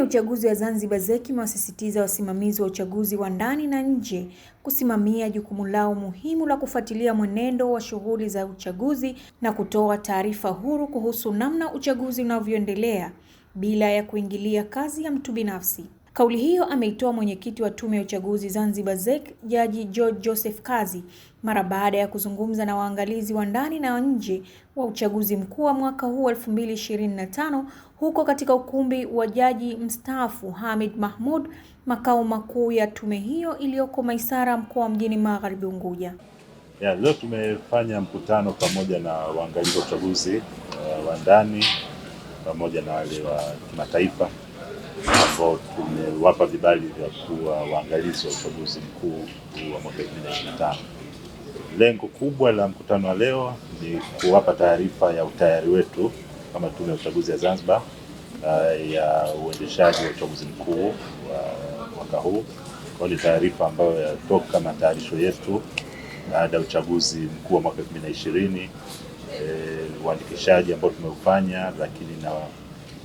ya uchaguzi wa Zanzibar ZEC imewasisitiza wasimamizi wa uchaguzi wa ndani na nje kusimamia jukumu lao muhimu la kufuatilia mwenendo wa shughuli za uchaguzi na kutoa taarifa huru kuhusu namna uchaguzi unavyoendelea bila ya kuingilia kazi ya mtu binafsi. Kauli hiyo ameitoa mwenyekiti wa Tume ya Uchaguzi Zanzibar ZEC Jaji George Joseph Kazi mara baada ya kuzungumza na waangalizi wa ndani na nje wa uchaguzi mkuu wa mwaka huu 2025 huko katika ukumbi wa Jaji mstaafu Hamid Mahmud, makao makuu ya tume hiyo iliyoko Maisara, mkoa mjini Magharibi Unguja. Ya, leo tumefanya mkutano pamoja na waangalizi wa uchaguzi uh, wa ndani pamoja na wale wa kimataifa ambao tumewapa vibali vya kuwa waangalizi wa uchaguzi mkuu wa mwaka 2025. Lengo kubwa la mkutano wa leo ni kuwapa taarifa ya utayari wetu kama Tume ya Uchaguzi ya Zanzibar uh, ya uendeshaji wa uchaguzi mkuu wa mwaka huu. Kwa ni taarifa ambayo yatoka matayarisho yetu baada ya uchaguzi mkuu wa mwaka 2020, eh, uandikishaji ambao tumeufanya, lakini na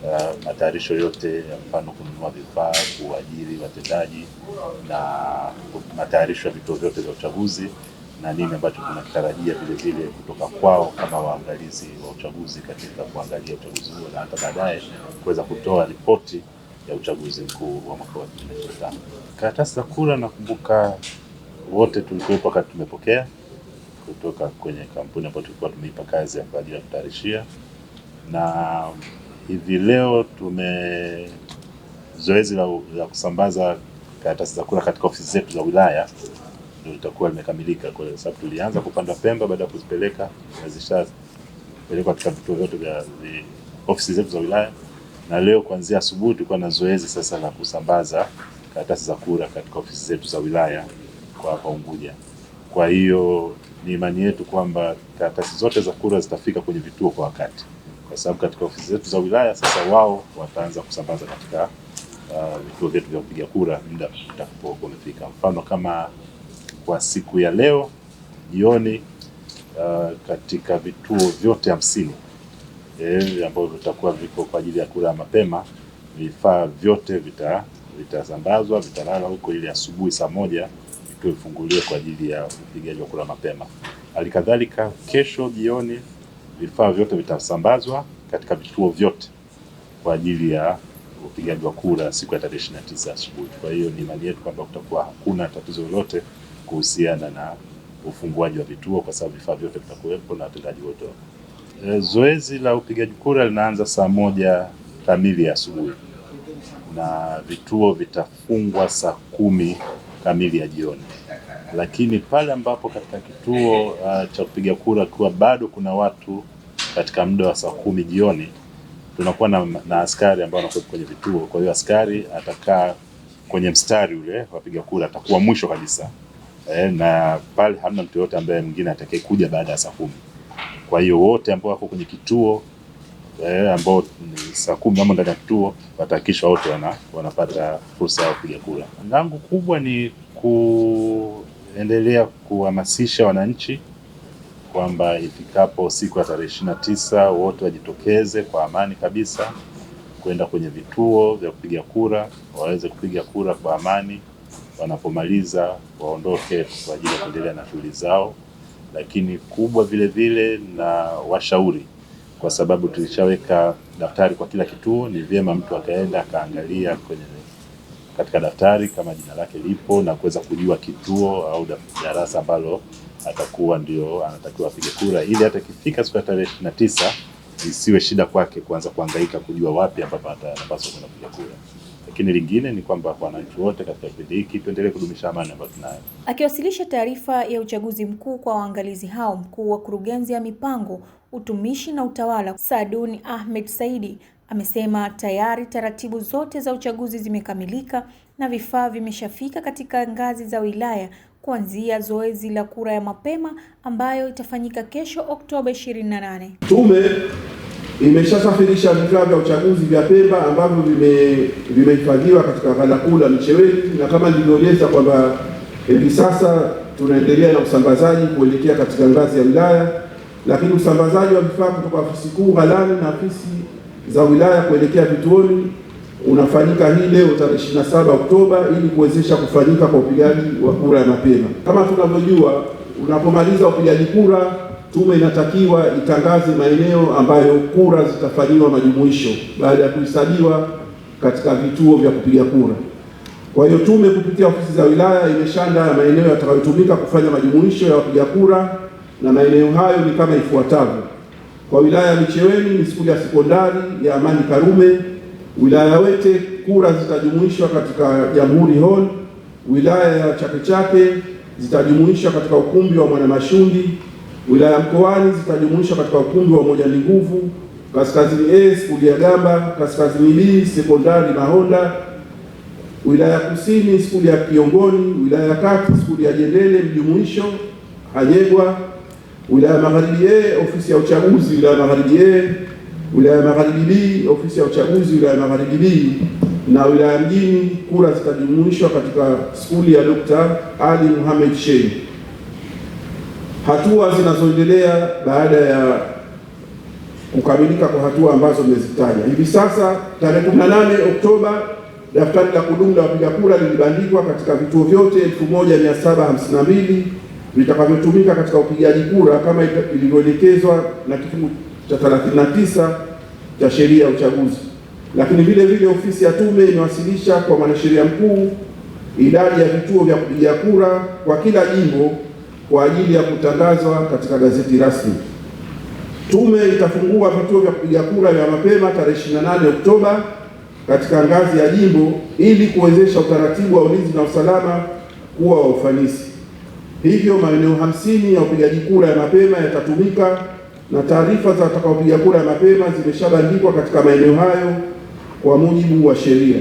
uh, matayarisho yote ya mfano kununua vifaa, kuajiri watendaji na matayarisho ya vituo vyote vya uchaguzi na nini ambacho tunakitarajia vile vile kutoka kwao kama waangalizi wa uchaguzi katika kuangalia uchaguzi huo na hata baadaye kuweza kutoa ripoti ya uchaguzi mkuu wa mwaka wa 2025. Karatasi za kura, nakumbuka wote tulikuwepo wakati tumepokea kutoka kwenye kampuni ambayo tulikuwa tumeipa kazi ya kwa ajili ya kutayarishia na hivi leo tume zoezi la, la kusambaza karatasi za kura katika ofisi zetu za wilaya ndio litakuwa limekamilika, kwa sababu tulianza kupanda Pemba, baada ya kuzipeleka na zishapelekwa katika vituo vyote vya ofisi zetu za wilaya, na leo kuanzia asubuhi tulikuwa na zoezi sasa la kusambaza karatasi za kura katika ofisi zetu za wilaya kwa hapa Unguja. Kwa hiyo ni imani yetu kwamba karatasi zote za kura zitafika kwenye vituo kwa wakati kwa sababu katika ofisi zetu za wilaya sasa wao wataanza kusambaza katika uh, vituo uh, vyetu vya kupiga kura muda utakapokuwa umefika. Mfano kama kwa siku ya leo jioni uh, katika vituo vyote hamsini e, ambavyo vitakuwa viko kwa ajili ya kura ya mapema, vifaa vyote vitasambazwa vitalala huko ili asubuhi saa moja vituo vifunguliwe kwa ajili ya upigaji wa kura mapema. Halikadhalika kesho jioni vifaa vyote vitasambazwa katika vituo vyote kwa ajili ya upigaji wa kura siku ya tarehe 29 asubuhi. Kwa hiyo ni imani yetu kwamba kutakuwa hakuna tatizo lolote kuhusiana na ufunguaji wa vituo kwa sababu vifaa vyote vitakuwepo na watendaji wote. E, zoezi la upigaji kura linaanza saa moja kamili asubuhi na vituo vitafungwa saa kumi kamili ya jioni lakini pale ambapo katika kituo uh, cha kupiga kura kuwa bado kuna watu katika muda wa saa kumi jioni tunakuwa na, na askari ambao wanakuwa kwenye vituo. Kwa hiyo askari atakaa kwenye mstari ule wapiga kura, atakuwa mwisho kabisa e, na pale hamna mtu yoyote ambaye mwingine atakaye kuja baada ya saa kumi. Kwa hiyo wote ambao wako kwenye kituo e, ambao ni saa kumi ama ndani ya kituo watahakikishwa wote wana, wanapata fursa ya kupiga kura. Langu kubwa ni ku endelea kuhamasisha wananchi kwamba ifikapo siku ya tarehe ishirini na tisa wote wajitokeze kwa amani kabisa kwenda kwenye vituo vya kupiga kura, waweze kupiga kura kwa amani. Wanapomaliza waondoke kwa ajili ya kuendelea na shughuli zao, lakini kubwa vile vile na washauri, kwa sababu tulishaweka daftari kwa kila kituo. Ni vyema mtu akaenda akaangalia kwenye katika daftari kama jina lake lipo na kuweza kujua kituo au darasa ambalo atakuwa ndio anatakiwa apige kura, ili hata ikifika siku ya tarehe ishirini na tisa isiwe shida kwake kuanza kuhangaika kujua wapi ambapo atapaswa kwenda kupiga kura. Lakini lingine ni kwamba wananchi wote katika kipindi hiki tuendelee kudumisha amani ambayo tunayo. Akiwasilisha taarifa ya uchaguzi mkuu kwa waangalizi hao, mkuu wa kurugenzi ya mipango, utumishi na utawala, saduni Ahmed Saidi Amesema tayari taratibu zote za uchaguzi zimekamilika na vifaa vimeshafika katika ngazi za wilaya kuanzia zoezi la kura ya mapema ambayo itafanyika kesho Oktoba 28. Tume imeshasafirisha vifaa vya uchaguzi vya Pemba ambavyo vimehifadhiwa vime katika ghala kuu la Micheweni, na kama nilivyoeleza kwamba hivi sasa tunaendelea na usambazaji kuelekea katika ngazi ya wilaya, lakini usambazaji wa vifaa kutoka ofisi kuu ghalani na ofisi za wilaya kuelekea vituoni unafanyika hii leo tarehe 27 Oktoba ili kuwezesha kufanyika kwa upigaji wa kura ya mapema. Kama tunavyojua, unapomaliza upigaji kura, tume inatakiwa itangaze maeneo ambayo kura zitafanyiwa majumuisho baada ya kuhesabiwa katika vituo vya kupiga kura. Kwa hiyo tume kupitia ofisi za wilaya imeshaandaa maeneo yatakayotumika kufanya majumuisho ya wapiga kura, na maeneo hayo ni kama ifuatavyo: kwa wilaya ya Micheweni ni skuli ya sekondari ya Amani Karume. Wilaya Wete kura zitajumuishwa katika Jamhuri Hall. Wilaya ya Chake Chake zitajumuishwa katika ukumbi wa mwanamashundi Wilaya ya Mkoani zitajumuishwa katika ukumbi wa Umoja ni Nguvu. Kaskazini A skuli ya Gamba, Kaskazini B sekondari Mahonda. Wilaya ya Kusini skuli ya Kiongoni. Wilaya ya Kati skuli ya Jendele mjumuisho Hanyegwa wilaya magharibi A eh, ofisi ya uchaguzi wilaya magharibi A eh. wilaya magharibi B ofisi ya uchaguzi wilaya ya magharibi B na wilaya mjini, kura zitajumuishwa katika skuli ya Dr. Ali Muhammad Shein. Hatua zinazoendelea baada ya kukamilika kwa hatua ambazo nimezitaja hivi sasa, tarehe 18 Oktoba daftari la kudumu la wapiga kura lilibandikwa katika vituo vyote 1752 vitakavyotumika katika upigaji kura kama ilivyoelekezwa na kifungu cha 39 cha sheria ya uchaguzi. Lakini vile vile ofisi ya tume imewasilisha kwa mwanasheria mkuu idadi ya vituo vya kupigia kura kwa kila jimbo kwa ajili ya kutangazwa katika gazeti rasmi. Tume itafungua vituo vya kupiga kura vya mapema tarehe 28 Oktoba katika ngazi ya jimbo ili kuwezesha utaratibu wa ulinzi na usalama kuwa wa ufanisi. Hivyo maeneo hamsini ya upigaji kura ya mapema yatatumika na taarifa za watakaopiga kura ya mapema zimeshabandikwa katika maeneo hayo kwa mujibu wa sheria.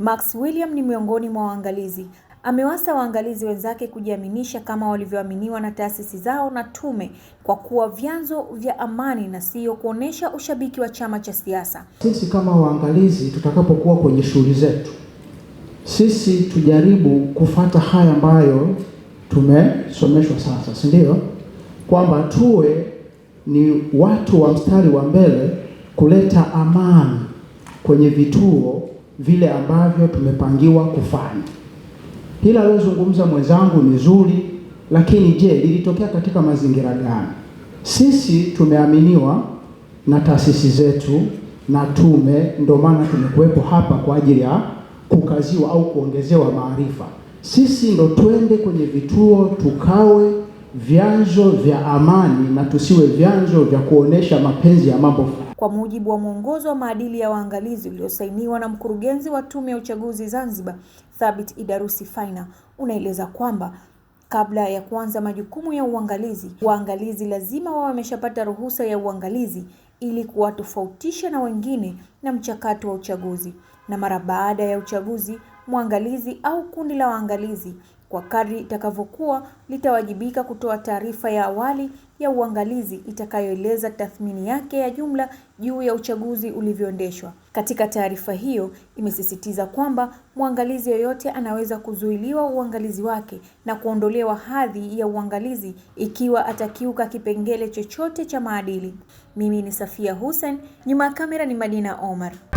Max William ni miongoni mwa waangalizi. Amewasa waangalizi wenzake kujiaminisha kama walivyoaminiwa na taasisi zao na tume kwa kuwa vyanzo vya amani na sio kuonesha ushabiki wa chama cha siasa. Sisi kama waangalizi tutakapokuwa kwenye shughuli zetu, sisi tujaribu kufata haya ambayo tumesomeshwa sasa, si ndio? Kwamba tuwe ni watu wa mstari wa mbele kuleta amani kwenye vituo vile ambavyo tumepangiwa kufanya. Hili aliyozungumza mwenzangu ni zuri, lakini je, lilitokea katika mazingira gani? Sisi tumeaminiwa na taasisi zetu na tume, ndio maana tumekuwepo hapa kwa ajili ya kukaziwa au kuongezewa maarifa sisi ndo twende kwenye vituo tukawe vyanzo vya amani na tusiwe vyanzo vya kuonesha mapenzi ya mambo Kwa mujibu wa mwongozo wa maadili ya waangalizi uliosainiwa na mkurugenzi wa Tume ya Uchaguzi Zanzibar, Thabit Idarusi Faina, unaeleza kwamba kabla ya kuanza majukumu ya uangalizi, waangalizi lazima wawe wameshapata ruhusa ya uangalizi ili kuwatofautisha na wengine na mchakato wa uchaguzi, na mara baada ya uchaguzi mwangalizi au kundi la waangalizi kwa kadri itakavyokuwa litawajibika kutoa taarifa ya awali ya uangalizi itakayoeleza tathmini yake ya jumla juu ya uchaguzi ulivyoendeshwa. Katika taarifa hiyo, imesisitiza kwamba mwangalizi yoyote anaweza kuzuiliwa uangalizi wake na kuondolewa hadhi ya uangalizi ikiwa atakiuka kipengele chochote cha maadili. Mimi ni Safia Hussein, nyuma ya kamera ni Madina Omar.